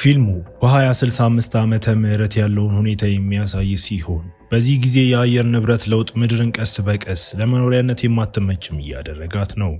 ፊልሙ በ2065 ዓመተ ምህረት ያለውን ሁኔታ የሚያሳይ ሲሆን በዚህ ጊዜ የአየር ንብረት ለውጥ ምድርን ቀስ በቀስ ለመኖሪያነት የማትመችም እያደረጋት ነው።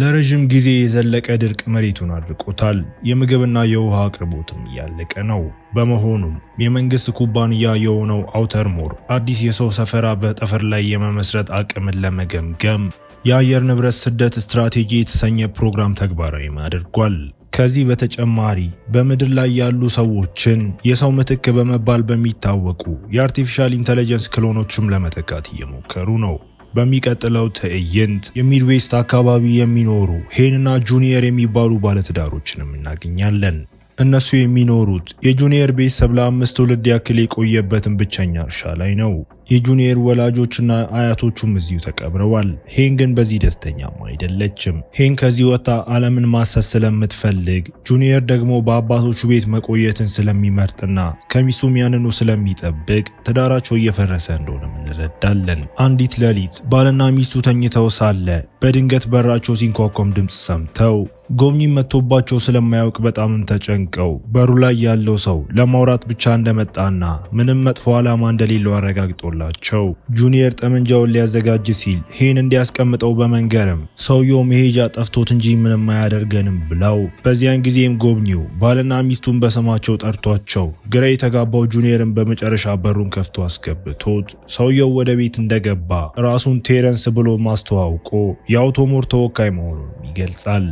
ለረዥም ጊዜ የዘለቀ ድርቅ መሬቱን አድርቆታል። የምግብና የውሃ አቅርቦትም እያለቀ ነው። በመሆኑም የመንግስት ኩባንያ የሆነው አውተር ሞር አዲስ የሰው ሰፈራ በጠፈር ላይ የመመስረት አቅምን ለመገምገም የአየር ንብረት ስደት ስትራቴጂ የተሰኘ ፕሮግራም ተግባራዊም አድርጓል። ከዚህ በተጨማሪ በምድር ላይ ያሉ ሰዎችን የሰው ምትክ በመባል በሚታወቁ የአርቲፊሻል ኢንተለጀንስ ክሎኖችም ለመተካት እየሞከሩ ነው። በሚቀጥለው ትዕይንት የሚድዌስት አካባቢ የሚኖሩ ሄንና ጁኒየር የሚባሉ ባለትዳሮችንም እናገኛለን። እነሱ የሚኖሩት የጁኒየር ቤተሰብ ለአምስት ትውልድ ያክል የቆየበትን ብቸኛ እርሻ ላይ ነው። የጁኒየር ወላጆችና አያቶቹም እዚሁ ተቀብረዋል። ሄን ግን በዚህ ደስተኛም አይደለችም። ሄን ከዚህ ወጥታ ዓለምን ማሰስ ስለምትፈልግ፣ ጁኒየር ደግሞ በአባቶቹ ቤት መቆየትን ስለሚመርጥና ከሚሱም ያንኑ ስለሚጠብቅ ትዳራቸው እየፈረሰ እንደሆነ እንረዳለን። አንዲት ሌሊት ባልና ሚስቱ ተኝተው ሳለ በድንገት በራቸው ሲንኳኳም ድምፅ ሰምተው ጎብኚ መጥቶባቸው ስለማያውቅ በጣምም ተጨንቀው በሩ ላይ ያለው ሰው ለማውራት ብቻ እንደመጣና ምንም መጥፎ ዓላማ እንደሌለው አረጋግጦላቸው ጁኒየር ጠመንጃውን ሊያዘጋጅ ሲል ሄን እንዲያስቀምጠው በመንገርም ሰውየው መሄጃ ጠፍቶት እንጂ ምንም አያደርገንም ብለው በዚያን ጊዜም ጎብኚው ባልና ሚስቱን በስማቸው ጠርቷቸው ግራ የተጋባው ጁኒየርን በመጨረሻ በሩን ከፍቶ አስገብቶት ሰውየው ወደ ቤት እንደገባ ራሱን ቴረንስ ብሎ ማስተዋውቆ የአውቶሞር ተወካይ መሆኑን ይገልጻል።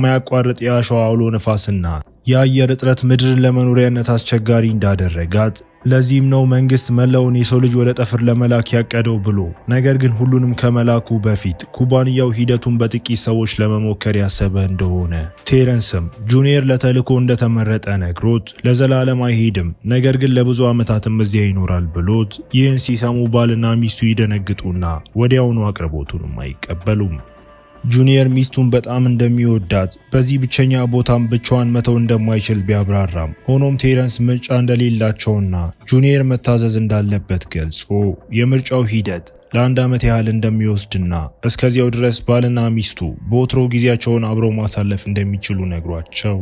የማያቋርጥ የአሸዋ አውሎ ነፋስና የአየር እጥረት ምድርን ለመኖሪያነት አስቸጋሪ እንዳደረጋት ለዚህም ነው መንግስት መላውን የሰው ልጅ ወደ ጠፍር ለመላክ ያቀደው ብሎ ነገር ግን ሁሉንም ከመላኩ በፊት ኩባንያው ሂደቱን በጥቂት ሰዎች ለመሞከር ያሰበ እንደሆነ ቴረንስም ጁኒየር ለተልዕኮ እንደተመረጠ ነግሮት ለዘላለም አይሄድም፣ ነገር ግን ለብዙ ዓመታትም እዚያ ይኖራል ብሎት ይህን ሲሰሙ ባልና ሚስቱ ይደነግጡና ወዲያውኑ አቅርቦቱንም አይቀበሉም። ጁኒየር ሚስቱን በጣም እንደሚወዳት በዚህ ብቸኛ ቦታም ብቻዋን መተው እንደማይችል ቢያብራራም ሆኖም ቴረንስ ምርጫ እንደሌላቸውና ጁኒየር መታዘዝ እንዳለበት ገልጾ የምርጫው ሂደት ለአንድ ዓመት ያህል እንደሚወስድና እስከዚያው ድረስ ባልና ሚስቱ በወትሮ ጊዜያቸውን አብረው ማሳለፍ እንደሚችሉ ነግሯቸው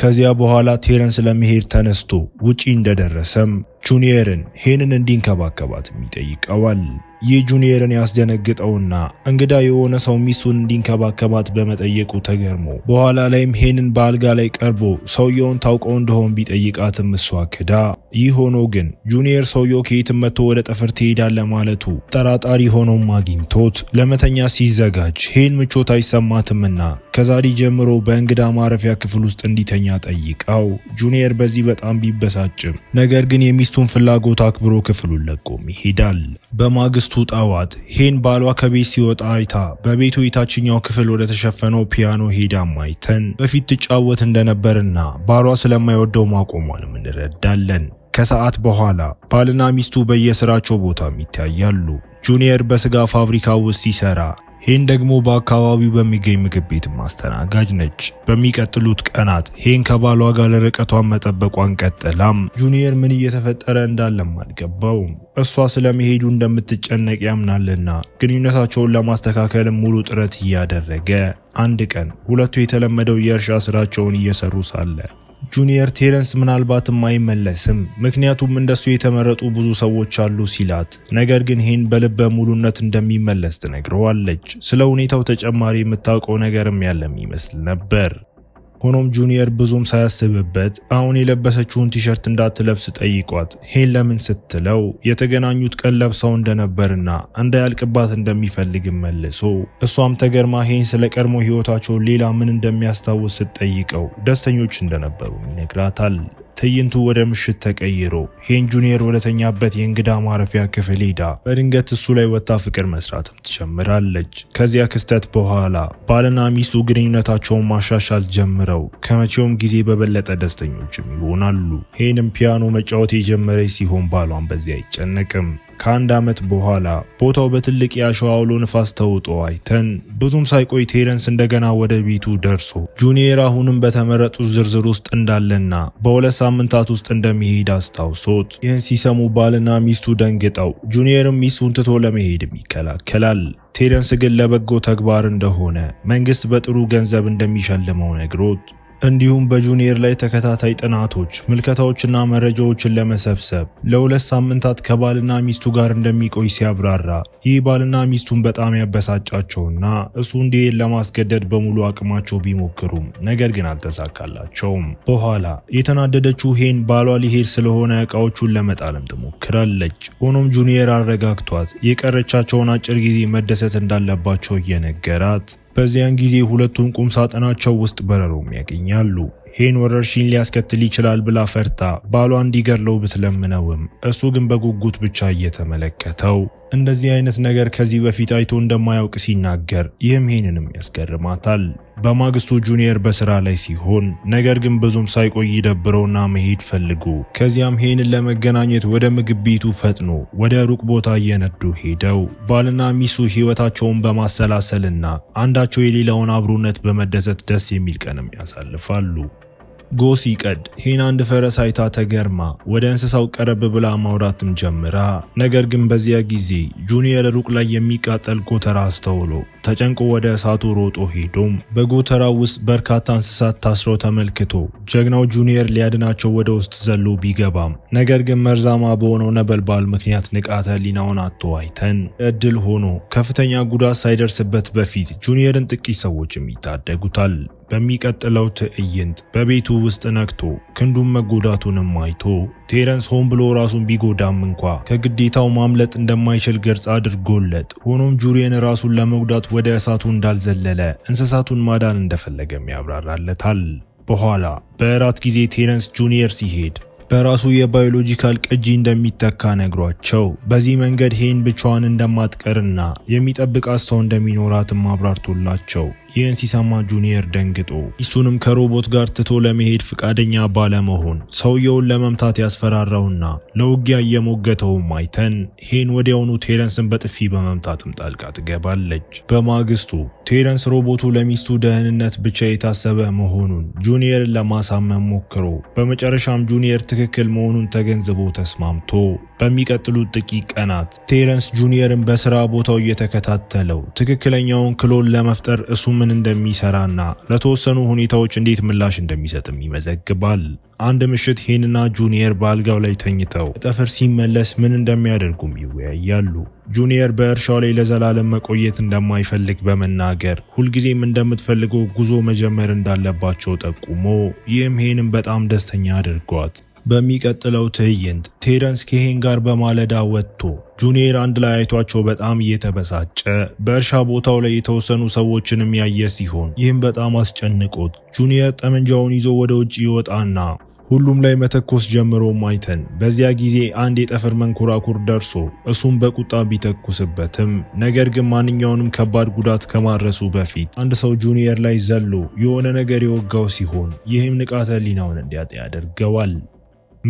ከዚያ በኋላ ቴረንስ ለመሄድ ተነስቶ ውጪ እንደደረሰም ጁኒየርን ሄንን እንዲንከባከባት ይጠይቀዋል። ይህ ጁኒየርን ያስደነግጠውና እንግዳ የሆነ ሰው ሚስቱን እንዲንከባከባት በመጠየቁ ተገርሞ በኋላ ላይም ሄንን በአልጋ ላይ ቀርቦ ሰውየውን ታውቀው እንደሆን ቢጠይቃትም እሷ ክዳ። ይህ ሆኖ ግን ጁኒየር ሰውየው ከየትም መጥቶ ወደ ጠፍር ትሄዳለ ማለቱ ጠራጣሪ ሆኖም አግኝቶት ለመተኛ ሲዘጋጅ ሄን ምቾት አይሰማትምና ከዛሬ ጀምሮ በእንግዳ ማረፊያ ክፍል ውስጥ እንዲተኛ ጠይቀው። ጁኒየር በዚህ በጣም ቢበሳጭም ነገር ግን የሚስ የሚስቱን ፍላጎት አክብሮ ክፍሉን ለቆም ይሄዳል። በማግስቱ ጠዋት ሄን ባሏ ከቤት ሲወጣ አይታ በቤቱ የታችኛው ክፍል ወደ ተሸፈነው ፒያኖ ሄዳም አይተን በፊት ትጫወት እንደነበርና ባሏ ስለማይወደው ማቆሟንም እንረዳለን። ከሰዓት በኋላ ባልና ሚስቱ በየስራቸው ቦታም ይታያሉ። ጁኒየር በስጋ ፋብሪካ ውስጥ ሲሰራ ሄን ደግሞ በአካባቢው በሚገኝ ምግብ ቤት ማስተናጋጅ ነች። በሚቀጥሉት ቀናት ሄን ከባሏ ጋር ለርቀቷን መጠበቋን ቀጥላም ጁኒየር ምን እየተፈጠረ እንዳለም አልገባውም። እሷ ስለመሄዱ እንደምትጨነቅ ያምናልና ግንኙነታቸውን ለማስተካከልም ሙሉ ጥረት እያደረገ አንድ ቀን ሁለቱ የተለመደው የእርሻ ስራቸውን እየሰሩ ሳለ ጁኒየር ቴረንስ ምናልባትም አይመለስም ምክንያቱም እንደሱ የተመረጡ ብዙ ሰዎች አሉ ሲላት፣ ነገር ግን ይህን በልበ ሙሉነት እንደሚመለስ ትነግረዋለች። ስለ ሁኔታው ተጨማሪ የምታውቀው ነገርም ያለም ይመስል ነበር። ሆኖም ጁኒየር ብዙም ሳያስብበት አሁን የለበሰችውን ቲሸርት እንዳትለብስ ጠይቋት፣ ሄን ለምን ስትለው የተገናኙት ቀን ለብሰው እንደነበርና እንዳያልቅባት እንደሚፈልግም መልሶ እሷም ተገርማ ሄን ስለ ቀድሞ ህይወታቸው ሌላ ምን እንደሚያስታውስ ስትጠይቀው ደስተኞች እንደነበሩም ይነግራታል። ትዕይንቱ ወደ ምሽት ተቀይሮ ሄን ጁኒየር ወደተኛበት የእንግዳ ማረፊያ ክፍል ሄዳ በድንገት እሱ ላይ ወጣ ፍቅር መስራትም ትጀምራለች። ከዚያ ክስተት በኋላ ባልና ሚስቱ ግንኙነታቸውን ማሻሻል ጀምረው ከመቼውም ጊዜ በበለጠ ደስተኞችም ይሆናሉ። ሄንም ፒያኖ መጫወት የጀመረች ሲሆን ባሏን በዚያ አይጨነቅም። ከአንድ ዓመት በኋላ ቦታው በትልቅ የአሸዋ አውሎ ንፋስ ተውጦ አይተን ብዙም ሳይቆይ ቴረንስ እንደገና ወደ ቤቱ ደርሶ ጁኒየር አሁንም በተመረጡት ዝርዝር ውስጥ እንዳለና በሁለት ሳምንታት ውስጥ እንደሚሄድ አስታውሶት ይህን ሲሰሙ ባልና ሚስቱ ደንግጠው ጁኒየርም ሚስቱን ትቶ ለመሄድም ይከላከላል። ቴደንስ ግን ለበጎ ተግባር እንደሆነ መንግስት በጥሩ ገንዘብ እንደሚሸልመው ነግሮት እንዲሁም በጁኒየር ላይ ተከታታይ ጥናቶች፣ ምልከታዎችና መረጃዎችን ለመሰብሰብ ለሁለት ሳምንታት ከባልና ሚስቱ ጋር እንደሚቆይ ሲያብራራ ይህ ባልና ሚስቱን በጣም ያበሳጫቸውና እሱ እንዲሄድ ለማስገደድ በሙሉ አቅማቸው ቢሞክሩም ነገር ግን አልተሳካላቸውም። በኋላ የተናደደችው ሄን ባሏ ሊሄድ ስለሆነ እቃዎቹን ለመጣለም ትሞክራለች። ሆኖም ጁኒየር አረጋግቷት የቀረቻቸውን አጭር ጊዜ መደሰት እንዳለባቸው እየነገራት በዚያን ጊዜ ሁለቱን ቁም ሳጥናቸው ውስጥ በረሮም ያገኛሉ። ሄን ወረርሽኝ ሊያስከትል ይችላል ብላ ፈርታ ባሏ እንዲገድለው ብትለምነውም እሱ ግን በጉጉት ብቻ እየተመለከተው እንደዚህ አይነት ነገር ከዚህ በፊት አይቶ እንደማያውቅ ሲናገር፣ ይህም ሄንንም ያስገርማታል። በማግስቱ ጁኒየር በስራ ላይ ሲሆን ነገር ግን ብዙም ሳይቆይ ደብረውና መሄድ ፈልጉ። ከዚያም ሄንን ለመገናኘት ወደ ምግብ ቤቱ ፈጥኖ ወደ ሩቅ ቦታ እየነዱ ሄደው ባልና ሚሱ ህይወታቸውን በማሰላሰልና አንዳቸው የሌላውን አብሮነት በመደሰት ደስ የሚል ቀንም ያሳልፋሉ። ጎህ ሲቀድ ይህን አንድ ፈረስ አይታ ተገርማ ወደ እንስሳው ቀረብ ብላ ማውራትም ጀምራ፣ ነገር ግን በዚያ ጊዜ ጁኒየር ሩቅ ላይ የሚቃጠል ጎተራ አስተውሎ ተጨንቆ ወደ እሳቱ ሮጦ ሄዶም በጎተራው ውስጥ በርካታ እንስሳት ታስረው ተመልክቶ ጀግናው ጁኒየር ሊያድናቸው ወደ ውስጥ ዘሎ ቢገባም፣ ነገር ግን መርዛማ በሆነው ነበልባል ምክንያት ንቃተ ሊናውን አቶ አይተን እድል ሆኖ ከፍተኛ ጉዳት ሳይደርስበት በፊት ጁኒየርን ጥቂት ሰዎችም ይታደጉታል። በሚቀጥለው ትዕይንት በቤቱ ውስጥ ነክቶ ክንዱን መጎዳቱንም አይቶ ቴረንስ ሆን ብሎ ራሱን ቢጎዳም እንኳ ከግዴታው ማምለጥ እንደማይችል ግልጽ አድርጎለት፣ ሆኖም ጁሪየን ራሱን ለመጉዳት ወደ እሳቱ እንዳልዘለለ እንስሳቱን ማዳን እንደፈለገም ያብራራለታል። በኋላ በእራት ጊዜ ቴረንስ ጁኒየር ሲሄድ በራሱ የባዮሎጂካል ቅጂ እንደሚተካ ነግሯቸው በዚህ መንገድ ሄን ብቻዋን እንደማትቀርና የሚጠብቃት ሰው እንደሚኖራትም አብራርቶላቸው ይህን ሲሰማ ጁኒየር ደንግጦ እሱንም ከሮቦት ጋር ትቶ ለመሄድ ፍቃደኛ ባለመሆን ሰውየውን ለመምታት ያስፈራራውና ለውጊያ እየሞገተውም አይተን ሄን ወዲያውኑ ቴረንስን በጥፊ በመምታትም ጣልቃ ትገባለች። በማግስቱ ቴረንስ ሮቦቱ ለሚስቱ ደህንነት ብቻ የታሰበ መሆኑን ጁኒየርን ለማሳመን ሞክሮ በመጨረሻም ጁኒየር ትክክል መሆኑን ተገንዝቦ ተስማምቶ በሚቀጥሉት ጥቂት ቀናት ቴረንስ ጁኒየርን በስራ ቦታው እየተከታተለው ትክክለኛውን ክሎን ለመፍጠር እሱም ምን እንደሚሰራና ለተወሰኑ ሁኔታዎች እንዴት ምላሽ እንደሚሰጥም ይመዘግባል። አንድ ምሽት ሄንና ጁኒየር በአልጋው ላይ ተኝተው ጠፍር ሲመለስ ምን እንደሚያደርጉም ይወያያሉ። ጁኒየር በእርሻው ላይ ለዘላለም መቆየት እንደማይፈልግ በመናገር ሁልጊዜም እንደምትፈልገው ጉዞ መጀመር እንዳለባቸው ጠቁሞ፣ ይህም ሄንም በጣም ደስተኛ አድርጓት በሚቀጥለው ትዕይንት ቴረንስ ከሄን ጋር በማለዳ ወጥቶ ጁኒየር አንድ ላይ አይቷቸው በጣም እየተበሳጨ በእርሻ ቦታው ላይ የተወሰኑ ሰዎችንም ያየ ሲሆን ይህም በጣም አስጨንቆት ጁኒየር ጠመንጃውን ይዞ ወደ ውጭ ይወጣና ሁሉም ላይ መተኮስ ጀምሮ ማይተን በዚያ ጊዜ አንድ የጠፈር መንኮራኩር ደርሶ እሱም በቁጣ ቢተኩስበትም ነገር ግን ማንኛውንም ከባድ ጉዳት ከማድረሱ በፊት አንድ ሰው ጁኒየር ላይ ዘሎ የሆነ ነገር የወጋው ሲሆን ይህም ንቃተ ሊናውን እንዲያጤ ያደርገዋል።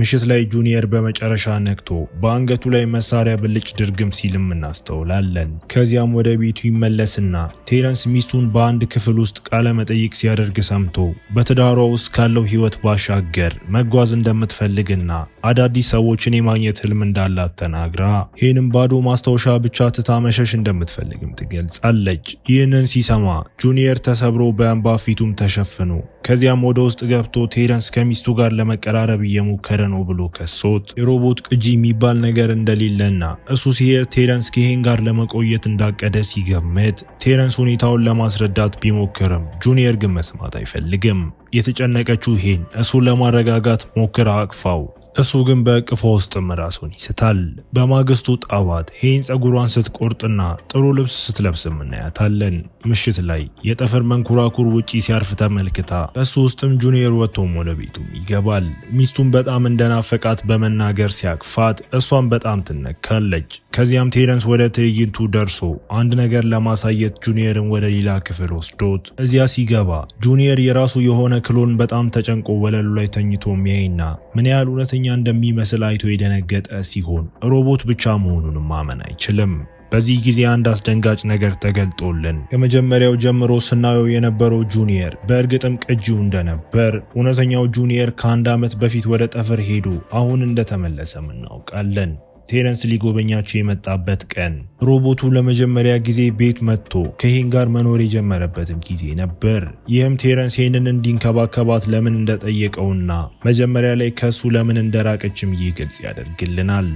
ምሽት ላይ ጁኒየር በመጨረሻ ነቅቶ በአንገቱ ላይ መሳሪያ ብልጭ ድርግም ሲልም እናስተውላለን። ከዚያም ወደ ቤቱ ይመለስና ቴረንስ ሚስቱን በአንድ ክፍል ውስጥ ቃለ መጠይቅ ሲያደርግ ሰምቶ በትዳሯ ውስጥ ካለው ሕይወት ባሻገር መጓዝ እንደምትፈልግና አዳዲስ ሰዎችን የማግኘት ህልም እንዳላት ተናግራ ይህንም ባዶ ማስታወሻ ብቻ ትታ መሸሽ እንደምትፈልግም ትገልጻለች። ይህንን ሲሰማ ጁኒየር ተሰብሮ በእንባ ፊቱም ተሸፍኖ ከዚያም ወደ ውስጥ ገብቶ ቴረንስ ከሚስቱ ጋር ለመቀራረብ እየሞከረ ነው ብሎ ከሶት የሮቦት ቅጂ የሚባል ነገር እንደሌለና እሱ ሲሄድ ቴረንስ ከሄን ጋር ለመቆየት እንዳቀደ ሲገምት ቴረንስ ሁኔታውን ለማስረዳት ቢሞክርም ጁኒየር ግን መስማት አይፈልግም። የተጨነቀችው ሄን እሱን ለማረጋጋት ሞክራ አቅፋው እሱ ግን በቅፎ ውስጥም ራሱን ይስታል። በማግስቱ ጣዋት ሄን ፀጉሯን ስትቆርጥና ጥሩ ልብስ ስትለብስም እናያታለን። ምሽት ላይ የጠፈር መንኮራኩር ውጪ ሲያርፍ ተመልክታ እሱ ውስጥም ጁኒየር ወጥቶም ወደ ቤቱም ይገባል። ሚስቱን በጣም እንደናፈቃት በመናገር ሲያቅፋት እሷን በጣም ትነካለች። ከዚያም ቴረንስ ወደ ትዕይንቱ ደርሶ አንድ ነገር ለማሳየት ጁኒየርን ወደ ሌላ ክፍል ወስዶት እዚያ ሲገባ ጁኒየር የራሱ የሆነ ክሎን በጣም ተጨንቆ ወለሉ ላይ ተኝቶ የሚያይና ምን ያህል እውነተኛ ጓደኛ እንደሚመስል አይቶ የደነገጠ ሲሆን ሮቦት ብቻ መሆኑንም ማመን አይችልም። በዚህ ጊዜ አንድ አስደንጋጭ ነገር ተገልጦልን ከመጀመሪያው ጀምሮ ስናየው የነበረው ጁኒየር በእርግጥም ቅጂው እንደነበር እውነተኛው ጁኒየር ከአንድ ዓመት በፊት ወደ ጠፈር ሄዶ አሁን እንደተመለሰም እናውቃለን። ቴረንስ ሊጎበኛቸው የመጣበት ቀን ሮቦቱ ለመጀመሪያ ጊዜ ቤት መጥቶ ከሄን ጋር መኖር የጀመረበትም ጊዜ ነበር። ይህም ቴረንስ ሄንን እንዲንከባከባት ለምን እንደጠየቀውና መጀመሪያ ላይ ከሱ ለምን እንደራቀችም ይህ ግልጽ ያደርግልናል።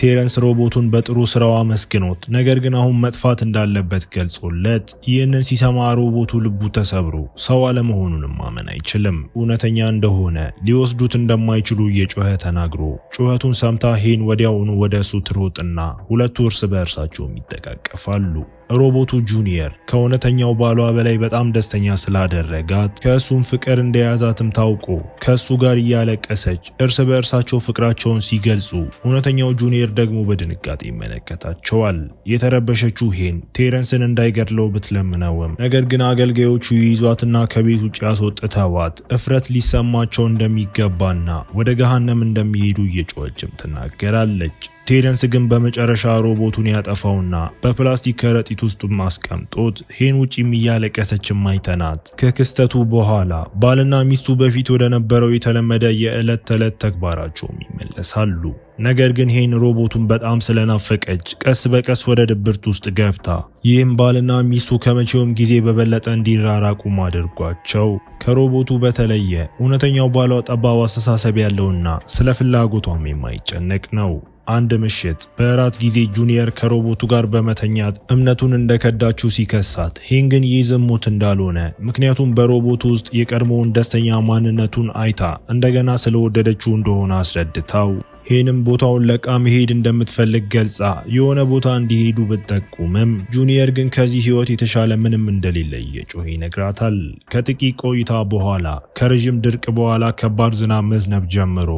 ቴረንስ ሮቦቱን በጥሩ ስራው አመስግኖት ነገር ግን አሁን መጥፋት እንዳለበት ገልጾለት ይህንን ሲሰማ ሮቦቱ ልቡ ተሰብሮ ሰው አለመሆኑንም ማመን አይችልም። እውነተኛ እንደሆነ ሊወስዱት እንደማይችሉ እየጮኸ ተናግሮ ጩኸቱን ሰምታ ሄን ወዲያውኑ ወደ እሱ ትሮጥና ሁለቱ እርስ በእርሳቸውም ይጠቃቀፋሉ። ሮቦቱ ጁኒየር ከእውነተኛው ባሏ በላይ በጣም ደስተኛ ስላደረጋት ከእሱም ፍቅር እንደያዛትም ታውቆ ከእሱ ጋር እያለቀሰች እርስ በእርሳቸው ፍቅራቸውን ሲገልጹ እውነተኛው ጁኒየር ደግሞ በድንጋጤ ይመለከታቸዋል። የተረበሸችው ሄን ቴረንስን እንዳይገድለው ብትለምነውም ነገር ግን አገልጋዮቹ ይይዟትና ከቤት ውጭ ያስወጥተዋት እፍረት ሊሰማቸው እንደሚገባና ወደ ገሃነም እንደሚሄዱ እየጮኸችም ትናገራለች። ቴደንስ ግን በመጨረሻ ሮቦቱን ያጠፋውና በፕላስቲክ ከረጢት ውስጥ አስቀምጦት ሄን ውጪም እያለቀሰችም ማይተናት። ከክስተቱ በኋላ ባልና ሚስቱ በፊት ወደ ነበረው የተለመደ የዕለት ተዕለት ተግባራቸውም ይመለሳሉ። ነገር ግን ሄን ሮቦቱን በጣም ስለናፈቀች ቀስ በቀስ ወደ ድብርት ውስጥ ገብታ ይህም ባልና ሚስቱ ከመቼውም ጊዜ በበለጠ እንዲራራቁም አድርጓቸው ከሮቦቱ በተለየ እውነተኛው ባሏ ጠባብ አስተሳሰብ ያለውና ስለ ፍላጎቷም የማይጨነቅ ነው። አንድ ምሽት በእራት ጊዜ ጁኒየር ከሮቦቱ ጋር በመተኛት እምነቱን እንደከዳችው ሲከሳት፣ ሄን ግን ይህ ዝሙት እንዳልሆነ ምክንያቱም በሮቦቱ ውስጥ የቀድሞውን ደስተኛ ማንነቱን አይታ እንደገና ስለወደደችው እንደሆነ አስረድታው ሄንም ቦታውን ለቃ መሄድ እንደምትፈልግ ገልጻ የሆነ ቦታ እንዲሄዱ ብትጠቁምም ጁኒየር ግን ከዚህ ህይወት የተሻለ ምንም እንደሌለ እየጮኸ ይነግራታል። ከጥቂት ቆይታ በኋላ ከረዥም ድርቅ በኋላ ከባድ ዝናብ መዝነብ ጀምሮ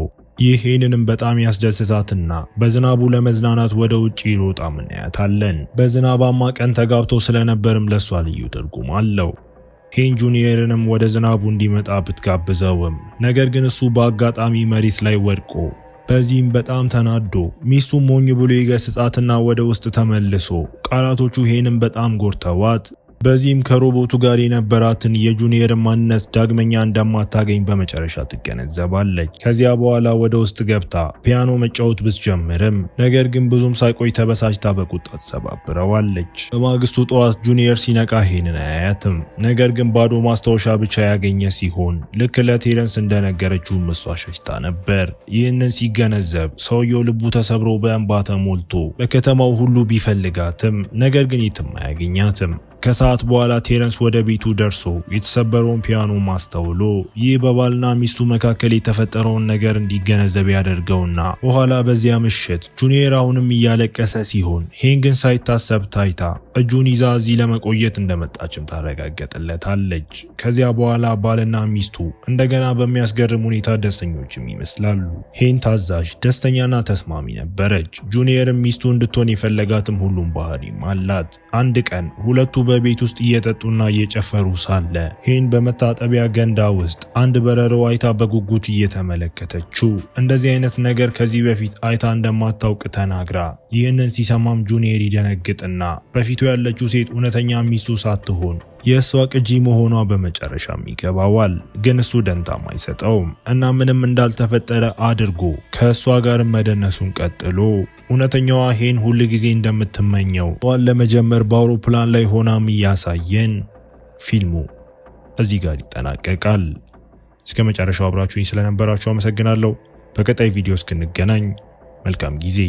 ይህንንም በጣም ያስደስታትና በዝናቡ ለመዝናናት ወደ ውጭ ሮጣ ምናያታለን። በዝናባማ ቀን ተጋብቶ ስለነበርም ለሷ ልዩ ትርጉም አለው። ሄን ጁኒየርንም ወደ ዝናቡ እንዲመጣ ብትጋብዘውም ነገር ግን እሱ በአጋጣሚ መሬት ላይ ወድቆ በዚህም በጣም ተናዶ ሚስቱ ሞኝ ብሎ ይገስጻትና ወደ ውስጥ ተመልሶ ቃላቶቹ ሄንም በጣም ጎርተዋት በዚህም ከሮቦቱ ጋር የነበራትን የጁኒየር ማንነት ዳግመኛ እንደማታገኝ በመጨረሻ ትገነዘባለች። ከዚያ በኋላ ወደ ውስጥ ገብታ ፒያኖ መጫወት ብትጀምርም ነገር ግን ብዙም ሳይቆይ ተበሳጭታ በቁጣ ትሰባብረዋለች። በማግስቱ ጠዋት ጁኒየር ሲነቃ ሄንን አያያትም። ነገር ግን ባዶ ማስታወሻ ብቻ ያገኘ ሲሆን ልክ ለቴረንስ እንደነገረችው እሷ ሸሽታ ነበር። ይህንን ሲገነዘብ ሰውየው ልቡ ተሰብሮ በእንባ ተሞልቶ በከተማው ሁሉ ቢፈልጋትም ነገር ግን የትም አያገኛትም። ከሰዓት በኋላ ቴረንስ ወደ ቤቱ ደርሶ የተሰበረውን ፒያኖ ማስተውሎ ይህ በባልና ሚስቱ መካከል የተፈጠረውን ነገር እንዲገነዘብ ያደርገውና በኋላ በዚያ ምሽት ጁኒየር አሁንም እያለቀሰ ሲሆን ሄንግን ሳይታሰብ ታይታ እጁን ይዛ እዚህ ለመቆየት እንደመጣችም ታረጋገጥለታለች። ከዚያ በኋላ ባልና ሚስቱ እንደገና በሚያስገርም ሁኔታ ደስተኞችም ይመስላሉ። ሄን ታዛዥ፣ ደስተኛና ተስማሚ ነበረች። ጁኒየርም ሚስቱ እንድትሆን የፈለጋትም ሁሉም ባህሪም አላት። አንድ ቀን ሁለቱ በቤት ውስጥ እየጠጡና እየጨፈሩ ሳለ ሄን በመታጠቢያ ገንዳ ውስጥ አንድ በረሮ አይታ በጉጉት እየተመለከተችው እንደዚህ አይነት ነገር ከዚህ በፊት አይታ እንደማታውቅ ተናግራ፣ ይህንን ሲሰማም ጁኒየር ይደነግጥና በፊቱ ያለችው ሴት እውነተኛ ሚስቱ ሳትሆን የእሷ ቅጂ መሆኗ በመጨረሻም ይገባዋል። ግን እሱ ደንታም አይሰጠውም እና ምንም እንዳልተፈጠረ አድርጎ ከእሷ ጋር መደነሱን ቀጥሎ እውነተኛዋ ሄን ሁል ጊዜ እንደምትመኘው ዋን ለመጀመር በአውሮፕላን ላይ ሆና እያሳየን ፊልሙ እዚህ ጋር ይጠናቀቃል። እስከ መጨረሻው አብራችሁኝ ስለነበራችሁ አመሰግናለሁ። በቀጣይ ቪዲዮ እስክንገናኝ መልካም ጊዜ